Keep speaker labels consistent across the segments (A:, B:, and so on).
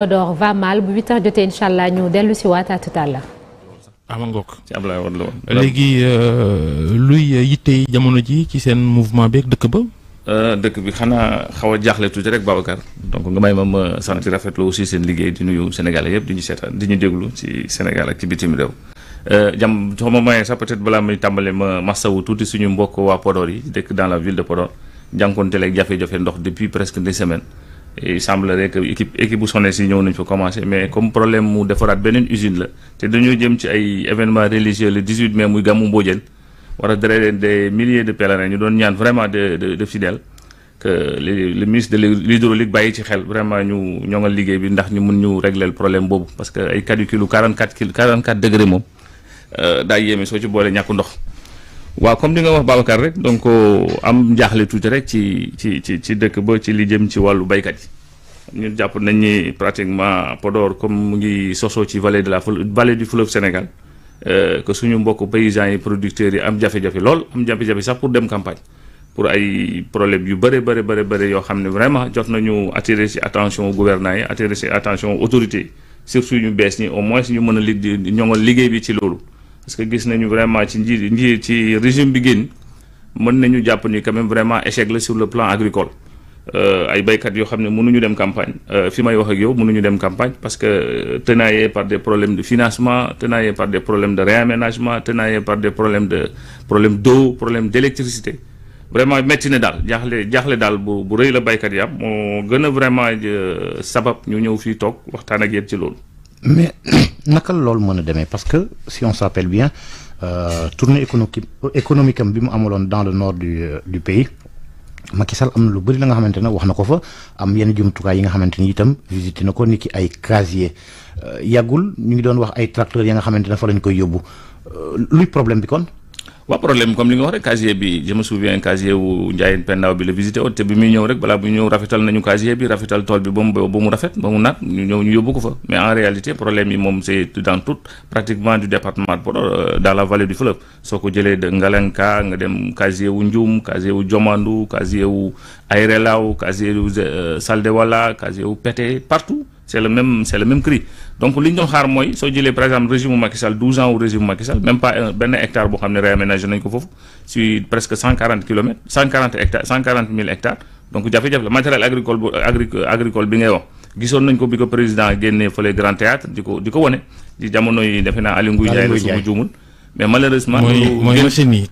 A: Théodore va mal bu 8 heures jotee incha allah ñu dellu si waat à tout à l'heure.
B: ama ci Abdoulaye Wade la woon. léegi
A: euh, luy yitte jamono ji ci seen mouvement beeg dëkk ba.
B: Euh, dëkk bi xanaa xaw a jaaxle tuuti rek Babacar. donc nga may ma ma sant rafetlu aussi seen liggéey di nuyu sénégal yëpp di ñu seetaan di ñu déglu ci Sénégal ak ci bitim réew. Euh, jam soo ma mayee sax peut-être balaa muy tàmbale ma masawu tuuti suñu mbokk waa Podor yi dëkk dans la ville de Podor jànkoonte leeg jafe-jafe ndox depuis presque des semaines. il semblerait que équipe équipe bu SONES yi ñëw nañ fa commencé mais comme problème mu defaraat beneen usine la te dañoo jëm ci ay événement religieux le 18 mai muy gàmmu Mbodiène war a drainer des milliers de pèlerins ñu doon ñaan vraiment de de de fidèles que le ministre de l'hydraulique bàyyi ci xel vraiment ñu ñoŋal liggéey bi ndax ñu mun ñu régler problème boobu parce que ay calcul 44 kilo 44 degré moom euh, daa yéeme soo ci boole ñàkk ndox. waaw comme li nga wax Babacar rek donc euh, am njaaxle tuuti rek ci ci ci ci dëkk ba ci li jëm ci wàllu baykat yi ñun jàpp nañ ni pratiquement Podor comme mu ngi sosoo ci vallée de la vallée du fleuve Sénégal euh, que suñu mbokk paysans yi producteurs yi am jafe-jafe lool am jafe-jafe sax pour dem campagne pour ay problème yu bëre bëri bëri bëri yoo xam ne vraiment jox nañu attirer ci attention gouvernants yi attirer ci attention autorités surtout ñu bees ñi au moins ñu mën a lig ñoŋal liggéey bi ci loolu parce que gis nañu vraiment ci nji nji ci régime bi génn mën nañu jàpp ni quand même vraiment échec la sur le plan agricole euh, ay béykat yoo xam ne mënuñu dem campagne euh, fi may wax ak yow mënuñu dem campagne parce que euh, tenaillé par des problèmes de financement tenaillé par des problèmes de réaménagement tenaillé par de problèmes de problème d'eau problème d'électricité vraiment métti na daal jaaxle jaaxle daal bu bu rëy la baykat yi am moo gën a vraiment sabab ñu ñëw fii toog waxtaan ak yéen ci loolu
C: mais naka loolu mën a demee parce que si on s'appelle bien euh, tournée économique économique am bi mu amaloon dans le nord du euh, du pays Macky Sall am na lu bëri la nga xamante ne wax na ko fa am yenn jumtukaay yi nga xamante ni itam visité na ko ni ki ay casier euh, yàggul ñu ngi doon wax ay tracteurs yi nga xamante ne fa lañ koy yóbbu euh, luy problème bi kon.
B: waaw problème comme li nga wax rek casier bi je me souviens casier wu Ndiaye Pendaw bi la visité woon bi muy ñëw rek balaa bu ñëw rafetal nañu casier bi rafetal tool bi ba mu ba mu rafet ba mu naat ñu ñëw ñu yóbbu ko fa mais en réalité problème yi moom c'est dans tout pratiquement du département de euh, dans la vallée du fleuve soo ko jëlee de Ngalenka nga dem casier wu Ndioum casier wu Diomandu casier wu Ayrelaw casier wu euh, Saldewala casier wu Pété partout c' est le même c' est le même cri donc li ñu doon xaar mooy soo jëlee par exemple régime Macky Sall 12 ans wu régime Macky Sall même pas benn hectare boo xam ne réaménagé nañu ko foofu sur presque la matériel agricole bu agricole bi ngay wax ko bi ko président génnee fële Grand Théâtre di ko di ko wane di jamono yi defe naa Aliou Nguy Ndiaye la su ma juumul mais malheureusement. mooy mooy machine yi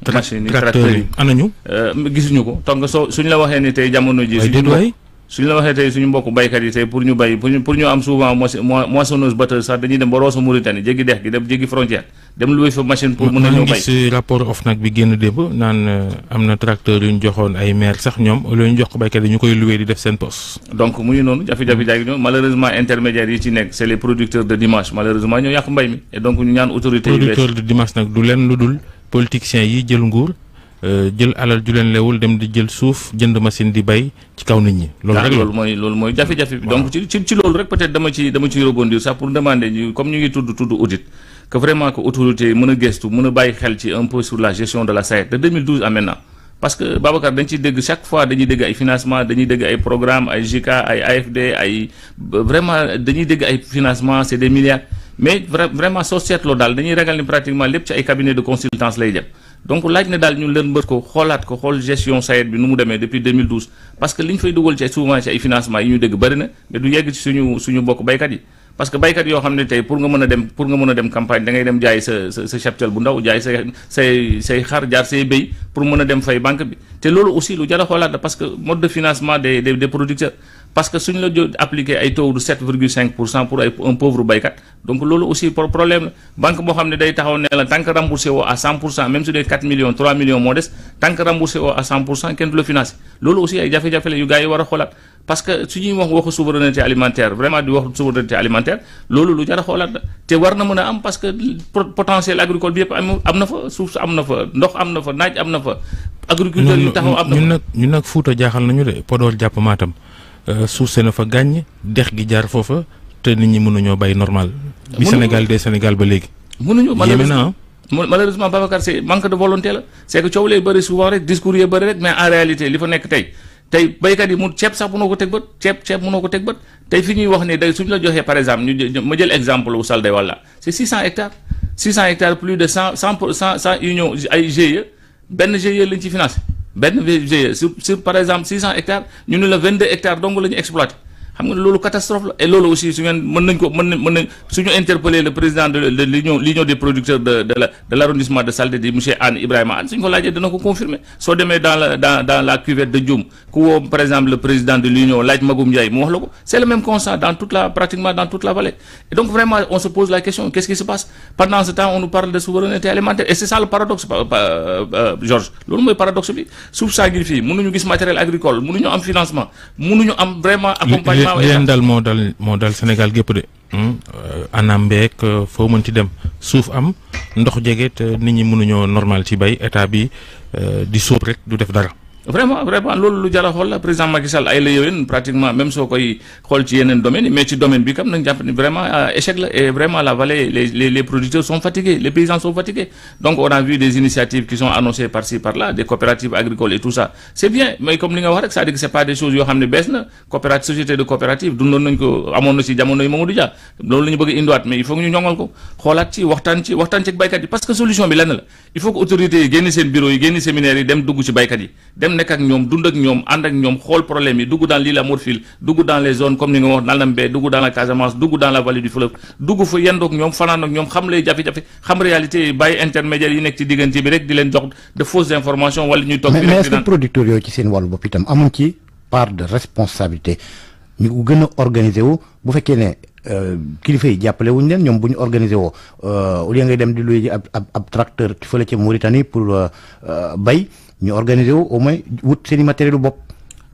B: tracteurs yi anañu euh, gisuñu ko toog la waxee ni tey jamono ji. suñu suñ la waxee tey suñu mbokk baykat yi tey pour ñu bay pour ñu pour ñu am souvent moissonneuse batteuse sax dañuy dem ba Rosso jéggi dex gi dem jéggi frontière dem lu fa machine pour mën a ñëw bay
A: euh, euh, na tracteur yu ñu joxoon ay maire sax ñoom loolu ñu jox ko baykat yi ñu koy loué di seen poste
B: donc mu noonu jafe-jafe jaay mm. gi ñoom malheureusement intermédiaires yi ci nekk c'est les producteurs de dimanche malheureusement ñoo yàq mbay mi et donc ñu ñaan autorité yi de
A: dimanche nag du leen lu dul politiciens yi jël nguur Euh, jël alal ju leen lewul dem di jël suuf jënd machine di bay ci kaw nit ñi. loolu rek loolu
B: mooy loolu mooy jafe-jafe bi. donc ci ci loolu rek peut dama ci dama ciy rebondir sax pour demander ñu comme ñu ngi tudd tudd audit. que vraiment que autorité mën a gëstu mën a bàyyi xel ci un peu sur la gestion de la SAED de 2012 à maintenant parce que Babacar dañ ciy dégg chaque fois dañuy dégg ay financement dañuy dégg ay programme ay JICA ay AFD ay vraiment financement c'est des milliards mais vraiment soo seetloo daal dañuy ragal ni pratiquement lépp ci ay cabinet de consultance donc laaj na daal ñun leen mbër ko xoolaat ko xool gestion SAED bi nu mu demee depuis 2012 parce que li ñu fay dugal ci souvent ci ay financement yi ñu dégg bëri na mais du yegg ci suñu suñu bokk baykat yi parce que baykat yoo xam ne tey pour nga mën a dem pour nga a dem campagne da ngay dem jaay sa sa sa cheptel bu ndaw jaay say say xar jaar say béy pour mën a dem fay banque bi te loolu aussi lu jar a xoolaat parce que mode de financement des des des parce que suñ la jo appliqué ay taux de 7 virgule 5 pour cent pour ay un pauvre baykat donc loolu aussi problème la banque boo xam ne day taxaw ne la tant que remboursé woo à 100 pour cent même su dee 4 millions 3 millions moo des tant que remboursé à 100 pour cent kenn du la financé loolu aussi ay jafe-jafe la yu gars yi war a xoolaat parce que su ñuy loolu lu jar a xoolaat la te war na mën a am parce ndox am na fa naaj am na fa. agriculture yu am ñun nag
A: ñun nag Fouta jaaxal nañu de Podor jàpp Euh, suuf na fa gàññ dex gi jaar foofa te nit ñi mënuñoo bay normal. bi Sénégal dee Sénégal ba léegi. mënuñu malheureusement
B: ah. malheureusement Babacar c'est manque de volonté la c'est que coow lay bëri souvent rek discours yee bëri rek mais en réalité li fa nekk tey tey béykat yi mu ceeb sax mënoo ko teg bët ceeb ceeb mënoo ko teg bët tey fi ñuy wax ne day suñu la joxee par exemple ñu ma jël exemple wu Salde walla cent 600 hectares 600 hectares plus de 100 100 pour 100 100 union lañ ci financé. benn VIE sur sur par exemple 600 hectares ñu ne la 22 hectares dong la ñu exploité xam nga loolu catastrophe la et loolu aussi su ngeen mën nañ ko mën nañ mën nañ suñu interpeller président de de l'union l'union des producteurs de de la de l'arrondissement de Saldé di monsieur Anne Ibrahima Anne suñ ko laajee dana ko confirmer soo demee dans la cuvette de Dioum ku woo par exemple le président de l'union laaj Magoum Ndiaye mu wax la ko c'est le même constat dans toute la pratiquement dans toute la vallée et donc vraiment on se pose la question li leen
A: dal moo dal moo dal Sénégal gépp de hmm? euh, anam beeg euh, foo mën ci dem suuf am ndox jege te nit ñi mënuñoo normal ci bay état bi euh, di sóob rek du def dara
B: vraiment vraiment loolu lu jar a xool la président Macky Sall ay la yowén pratiquement même soo koy xool ci yeneen domaines yi mais ci domaine bi kam nañ jàpp ni vraiment euh, échec la et vraiment la vallée les producteurs sont fatigués les paysans sont fatigués donc on a vu des initiatives qui sont annoncées par ci par là des coopératives agricoles et tout ça c' bien mais comme li nga wax rek cest à que c' pas des choses yoo xam ne bees na coopérative nekk ak ñoom dund ak ñoom ànd ak ñoom xool problème yi dugg dans l'île la Morphil dugg dans les zones comme ni nga wax Nalambe dugg dans la Casamance dugg dans la vallée du fleuve dugg fa yendoog ñoom fanaan ñoom xam lay jafe-jafe xam réalité yi bàyyi intermédiaire yi nekk ci diggante bi rek di leen jox de fausses informations wala ñuy toog mais est-ce que
C: producteurs yooyu ci seen wàllu bopp itam amuñ ci part de responsabilité ñu gën a wu bu fekkee ne euh, kilifa yi jàppale wuñ leen ñoom bu ñu organisé woo euh, au lieu dem di luy ji ab ab ab tracteur fële ci Mauritanie pour euh, bay ñu organiser wu au moins wut seen i matériel bopp.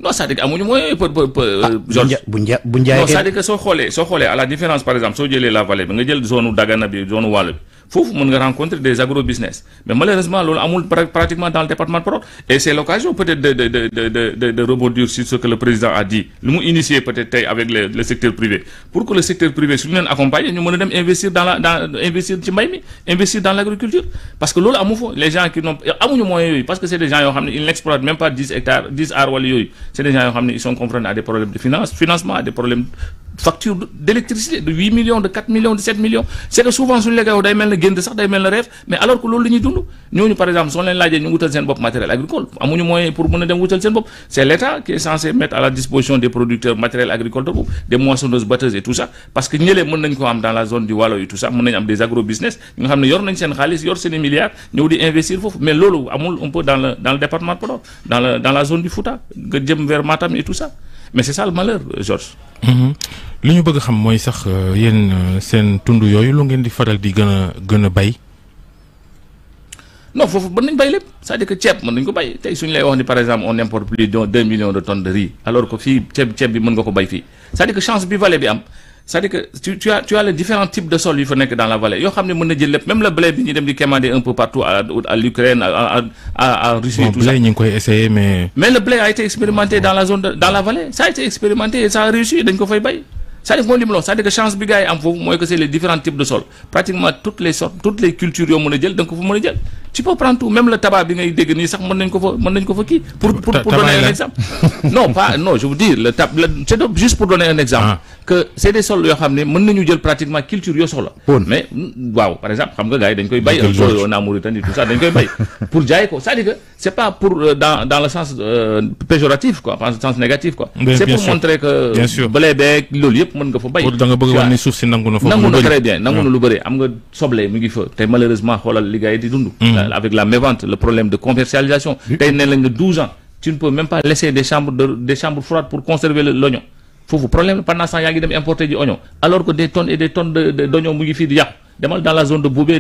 B: non c'est-à-dire que amuñu mooy peu peu peu. Georges
C: bu nja bu njaayee non c'est-à-dire
B: soo xoolee soo xoolee à la différence par exemple soo jëlee la vallée bi nga jël zone nu bi zone nu bi. foofu mën nga rencontrer des agro business malheureusement loolu amul pratiquement dans le département de Podor et c'est l'occasion peut-être de de de de de ce que le président a dit lu mu initier peut-être tey avec le secteur privé pour que le secteur privé su ñu leen accompagner ñu mën a dem investir dans la dans investir ci mbay mi investir dans l'agriculture parce que loolu amu fa les gens qui n'ont amuñu moyens yooyu parce que c'est gént sax day mel ne rêve mais alors que loolu la ñuy dund ñooñu par exemple soo leen laajee ñu wutal seen bopp matériel agricole amuñu moyen pour mën a dem wutal seen bopp c' est l' est censé mettre à la disposition des producteurs matériel agricole boobu des moissonneuses batteuses et tout ça parce que ñëlee mën nañ ko am dans la zone du Walo yi tout ça mën nañ am des agro business nga xam ne yor nañ seen xaalis yor seen i milliards ñëw di investir foofu mais loolu amul mais c'est ça le malheur Georges.
A: Mhm. li ñu bëgg xam mooy sax euh, yéen euh, seen tund yooyu lu ngeen di faral di gën a gën a bay.
B: non foofu mën nañ bay lépp c'est-à-dire que ceeb mën ko bay tey suñu lay wax ni par exemple on importe plus de millions de tonnes de riz alors que fii ceeb ceeb bi mën nga ko bay fii c'est-à-dire que chance bi vallée bi am. c'est-à-dire que tu, tu, as, tu as les différents types de sols yu fa nekk dans la vallée yoo xam ne mën na jël lépp même le blé bi ñu dem di quémander un peu partout à l'Ukraine à à à Russie. tout
A: ça blé ñu ngi koy essayer mais.
B: mais le blé a été expérimenté dans la zone dans la vallée ça a été expérimenté et ça a réussi dañ ko fay bay. c'est-à-dire mooy li mu la cest dire que chance bi gars am foofu mooy que c'est les différents types de sol pratiquement toutes les cultures yoo mën a jël da nga ko a jël tu peux prendre pour donner un exemple non pas non jël pratiquement culture yoo soxla mais mm, waaw par exemple xam nga gars dañ koy bay pour jaay ko cest pas pour euh, dans le sens euh, péjoratif quoi dans le sens négatif quoi c'est pour montrer que blé beeg loolu yëpp mën nga fa bay da nga bëgg wax ni
A: suuf si nangu na fa nangu na très bien nangu na hmm. lu
B: bëri am nga soble mu ngi fa te malheureusement xoolal li di dund hmm. avec la mévente le problème de commercialisation tey ne nga douze ans tu ne peux même pas laisser des chambres de des chambres pour conserver l'oignon foofu problème la pendant yaa ngi dem importer ji oignon alors que des tonnes et des tonnes de d'oignon mu ngi fii di yàqu demal dans la zone de Boubé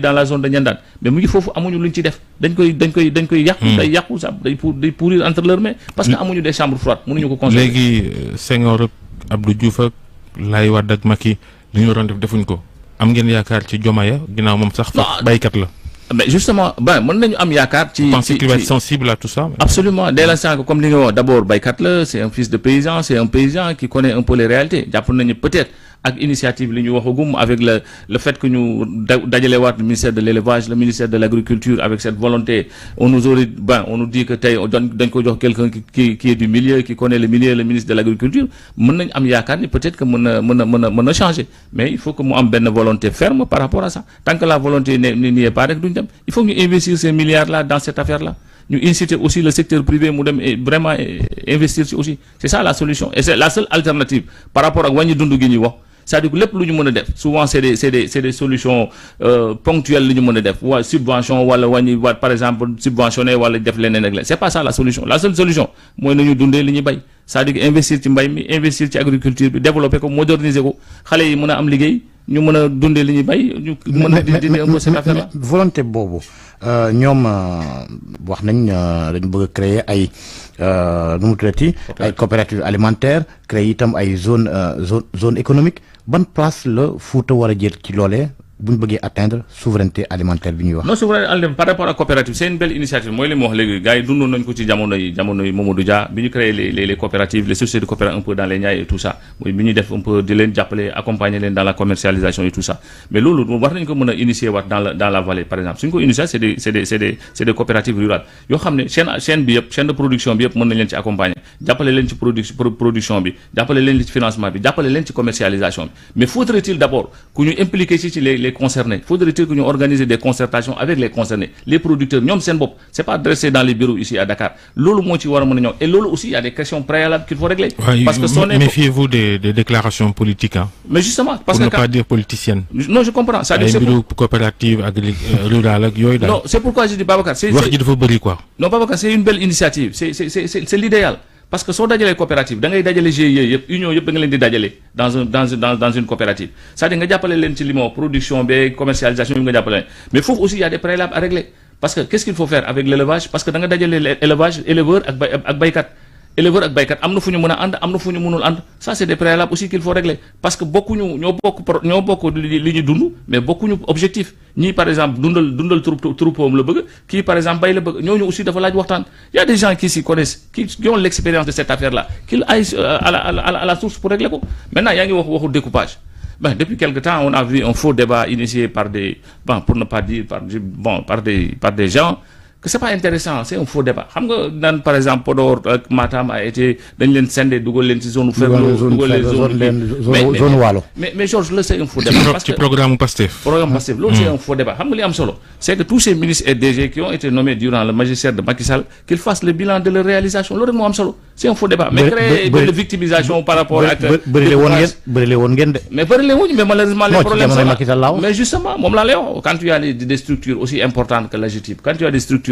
A: Laay Wàdd ak Macky li ñu waroon def defuñ ko am ngeen yaakaar ci Diomaye ginnaaw moom sax. fa baykat la. mais justement ba mën nañu am yaakaar. ci pensez sensible à tout ça. absolument dès l'instant que comme li nga wax baykat
B: la c'est un fils de paysan c'est un paysan qui connaît un peu les réalités jàpp nañu peut-être. ak initiative li ñu waxagum avec le le fait que ñu dajale waat le ministère de l'élevage le ministère de l'agriculture avec cette volonté on nous aurait ben on nous dit que tey dañ ko jox quelqu'un qui qui est du milieu qui connaît le milieu le ministre de l'agriculture mën nañ am yaakaar ni peut-être que mën na mën a mën a mën a changer mais il faut que mu am benn volonté ferme par rapport à ça tant la volonté ne n'y est pas rek duñ dem il faut ñu investir ces solution et c'est la seule alternative par rapport c'est-à-dire lépp lu ñu mën a def souvent c'est des c'est des euh, lu ñu mën a def waa subvention wala wàññi waat par exemple subventionné wala def leneen ak leneen c'est pas ça la solution la seule solution mooy nañu dundee li ñuy bay c'est-à-dire investir ci mbay mi investir ci agriculture bi développer ko moderniser ko xale yi mun a am liggéey ñu mën a dundee li ñuy bay ñu mën a dindi un peu cette affaire
C: volonté boobu euh, ñoom euh, wax nañ euh, dañu bëgg a créer ay nu mu tuddati ay coopérative alimentaire créer itam ay zone zone zone économique ban place la Fouta war a jël ci loole bu ñu bëggee atteindre souveraineté alimentaire bi ñuy wax.
B: non souveraineté alimentaire par rapport ak coopérative c'est belle initiative mooy li mu wax léegi gars dundoon nañ ko ci jamono yi jamono yi Mamadou Dia bi ñu créé les les les coopératives les de coopératives un peu dans les Niayes et tout ça bi ñuy def un peu di leen jàppale leen dans la commercialisation et tout ça mais loolu war nañ ko mën a initier waat dans la dans par exemple les il que ñu organiser avec les concernés les producteurs ñoom seen bopp c'est pas dressé dans les bureaux ici à Dakar loolu moo ci war a mën a et loolu aussi il a des questions préalables qu'il faut régler. parce que soo méfiez-vous mais justement parce que pour pas
A: dire politicienne.
B: non je comprends euh, cest pourquoi je dis Babacar. c'est wax ji
A: dafa
B: c'est une belle initiative c'est l'idéal. parce que soo dajalee coopérative da ngay dajale GIE yëpp union yëpp da leen di dajale dans un dans dans dans une coopérative cest à nga jàppale leen ci li production beeg commercialisation bi nga jàppale leen mais foofu aussi y a des préalables à régler parce que qu'est-ce qu'il faut faire avec l'élevage parce que da nga dajale élevage éleveur ak bay ak baykat éleveur ak baykat am na fu ñu mën a ànd am na fu ñu mënul ànd ça c' est des préalables aussi qu' il faut régler parce que bokkuñu ñoo bokk pro ñoo bokk li ñu dund mais bokkuñu objectif ñii par exemple dundal dundal la bëgg kii par exemple bay la bëgg ñooñu aussi dafa laaj waxtaan y' des gens qui s'y connaissent qui ont l' expérience de cette affaire là qu'il aille euh, à la à la à la source pour régler ko maintenant yaa ngi wax waxu découpage. Ben, depuis quelque temps, on a vu un par des, bon, que c'est pas intéressant c'est un faux débat xam nga naan par exemple Podor ak a été dañ leen sende dugal leen ci zone faible dugal leen zone zone waalo mais mais Georges la c'est un faux débat parce que ci programme Pastef loolu c'est un faux débat xam nga li am solo c'est que tous ces ministres et de Macky Sall qu'ils loolu de victimisation par rapport ak bërile woon
C: woon ngeen de mais bërile wuñ mais malheureusement les problèmes mais
B: justement moom laa lay wax quand tu as des structures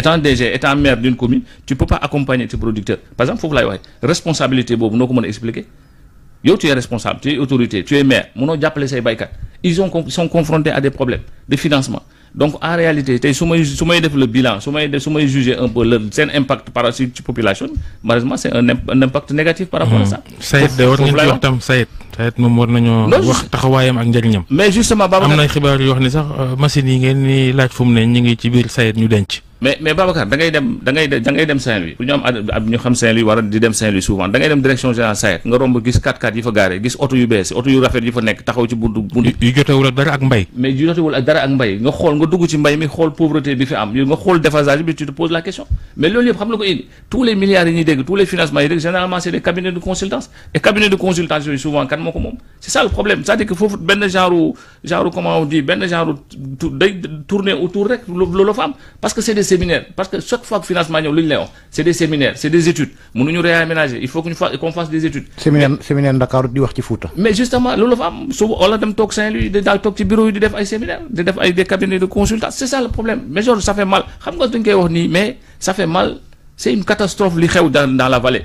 B: étant DG étant maire d'une commune tu peux pas accompagner tes producteurs par exemple foofu laay waxee responsabilité boobu noo ko mën a expliquer yow tu es responsable tu es autorité tu es maire munoo jàppale say baykat ils ont sont à des problèmes de financement donc en réalité tey su may su may def le bilan su may def su may juger un peu leur seen impact par ci population malheureusement c'est un impact négatif.
A: par rapport à ça. Mmh. Sayet de
B: mais mais Babacar da dem da dem Saint-Louis pour ñu am ab ñu xam Saint-Louis war di dem Saint-Louis souvent da dem direction générale SAED nga romb gis 4 x yi fa gaare gis oto yu bees yu fa nekk taxaw ci buntu buntu yu
A: jotewul ak dara ak mbay
B: mais jotewul ak dara ak mbay nga xool nga dugg ci mbay mi xool pauvreté bi fi am nga xool déphasage bi tu te poses la question mais loolu yëpp xam la ko indi tous les milliards yi ñuy séminaires parce que chaque fois financement ñëw lu ñu lay wax c' des séminaires c' des études mënuñu réaménager il faut qu'on fasse des études.
C: séminaire séminaire di wax ci Fouta.
B: mais justement loolu la fa am suba wala dem toog Saint-Louis daal toog ci bureau yi di def ay séminaire di def ay des cabinets de consultation c' ça le problème mais genre fait mal xam nga dañ koy wax nii mais ça fait mal. c'est une catastrophe li xew dans la vallée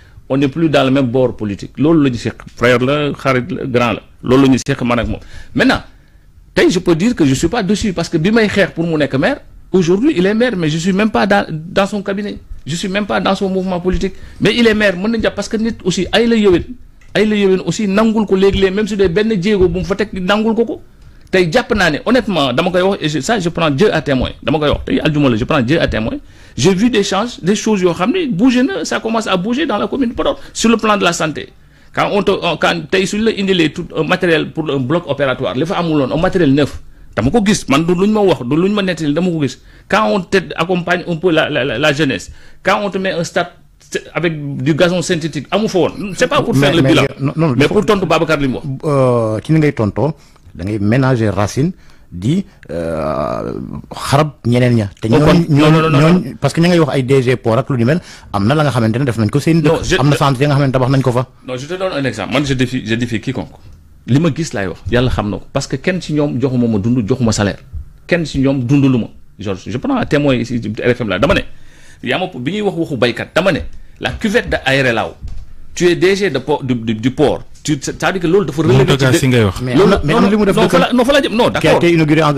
B: on n'est plus dans le même bord politique loolu la ñu frère la xarit la grand la loolu la ñu seq man ak moom maintenant tey je peux dire que je suis pas dessus parce que bi may xeex pour mu nekk maire aujourd'hui il est maire mais je suis même pas dans son cabinet je suis même pas dans son mouvement politique mais il est maire mën nañ jàpp parce que nit aussi ay la yëwén ay la yëwén aussi nangul ko léegi-léeg même su dee benn jéego bu mu fa ko tey jàpp naa ne honnêtement dama koy wax et ça je prends Dieu à témoin dama koy wax tey aljuma la je prends Dieu à témoin vu des changes des choses yoo xam ne bougé na ça commence à bouger dans la commune de Podor la la tout un pour un bloc opératoire li fa amuloon un matériel neuf dama ko gis man du lu ñu ma wax du lu ñu ma nettali dama ko gis quand on te accompagne un peu la la la jeunesse quand on met un stade avec du gazon synthétique amu fa woon. c'est pas pour faire le bilan.
C: da ngay ménager racine di euh, xarab ñeneen ña. te ñooñu oh, ñooñu parce que ña ngay wax ay DG port ak lu ni mel am na la nga xamante ne def nañ ko seen. dëkk am na centre ya nga xamante ne tabax nañ ko fa.
B: non je te donne un exemple man je défie quiconque li ma gis laay wax yàlla xam na ko parce que kenn ci ñoom joxuma ma dund joxuma salaire kenn ci ñoom dundalu ma Georges je prends un témoin ici RFM la dama ne yaa ma bi ñuy wax waxu baykat dama ne la cuvette de aéré laaw tu es DG de port du du du port. tu dire que loolu dafa relever ci si ngay wax. mais am li mu def dëkk la non fa la jëm non a été inauguré en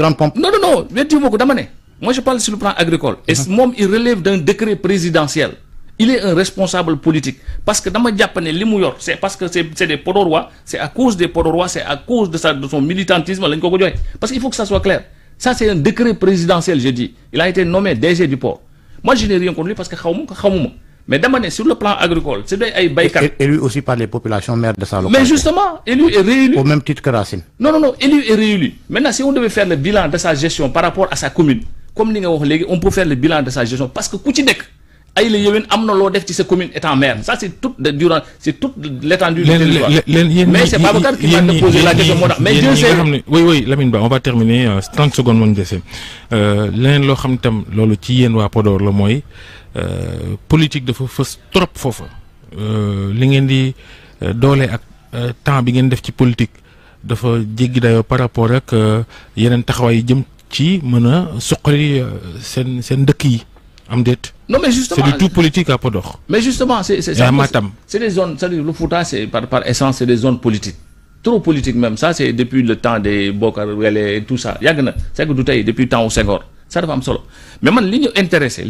B: dama ne. moi je parle sur le plan agricole. et uh-huh. moom il relève d'un décret présidentiel. il est un responsable politique parce que dama jàpp ne li mu yor c' est parce que c' est c' à cause des Podorois c' est à cause de son militantisme lañ ko ko parce que il faut que ça soit clair ça un décret présidentiel ma mais dama ne sur le plan agricole su dee ay béykat. élu aussi par les populations maire
C: de sa localité. mais justement élu et réélu. au même titre que Racine.
B: non non non élu et réélu maintenant si on devait faire le bilan de sa gestion par rapport à sa commune comme ni nga wax léegi on peut faire le bilan de sa gestion parce que ku ci nekk. ay la yéwén am na loo def ci sa commune étant maire ça c'est toute de durant c'est toute l'étendue du territoire mais c'est Babacar qui m'a posé la question moo xam
A: ne oui oui Lamine Ba on va terminer 30 euh, secondes moo ñu dese euh, leneen loo xam tam loolu ci yéen waa Podor la mooy euh, politique dafa fës trop foofa li ngeen di doole ak temps bi ngeen def ci politique dafa jéggi dayoo par rapport ak yeneen taxawaay yi jëm ci mën a suqali seen seen dëkk yi am déet. non mais justement c'est du tout politique à Podor. mais justement c'est c'est Matam.
B: c'est des Fouta c'est par essence c'est des zones politiques. trop politique même c'est depuis le temps des Bokar Wele et tout ça yàgg na c'est du temps wu Senghor ça dafa am solo mais man li ñu intéressé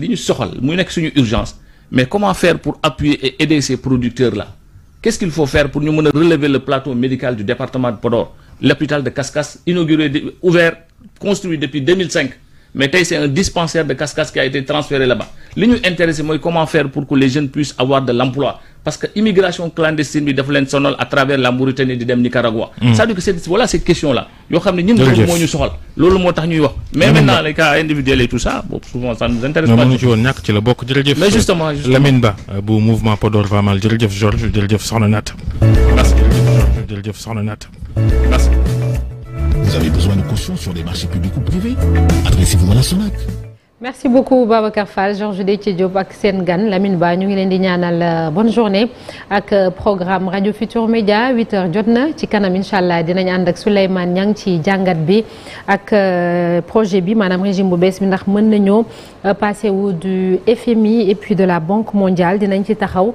B: mais comment faire pour appuyer et aider ces producteurs là. qu'est-ce qu'il faut faire pour ñu mën relever le plateau médical du département de Podor l'hôpital de Kaskas mais tey c'est un dispensaire de casse-casse qui a été transféré là-bas li ñu intéressé mooy comment faire pour que les jeunes puissent avoir de l'emploi parce que immigration clandestine bi dafa leen sonal à travers la Mauritanie di dem Nicaragua cest mm. dire que c'est voilà ces questions là yoo xam ne ñun loolu moo ñu soxal loolu moo tax ñuy wax mais maintenant les cas individuels tout ça souvent ça nous intéresse
A: Vous avez besoin de caution sur des marchés publics ou privés Adressez-vous à merci beaucoup Babacar Fall de Déthié Diop ak seen gan Lamine Ba ñu ngi leen di ñaanal euh, bonne journée ak euh, programme rajo Futur Média huit h jot na ci kanam incha allah dinañ ànd ak Souleymane Niang ci jàngat bi ak euh, projet bi maanaam régime bu bi ndax mën nañoo passé wu du FMI et puis de la Banque mondiale dinañ ci taxaw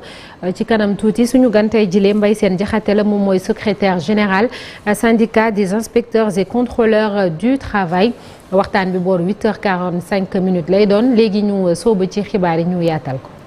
A: ci kanam tuuti suñu gan tey jilee mbay seen Diakhaté la moom mooy secrétaire général syndicat des inspecteurs et contrôleurs du travail. waxtaan bi boor 8h45 minutes lay doon léegi ñu sóobu ci xibaar yi ñu yaatal ko.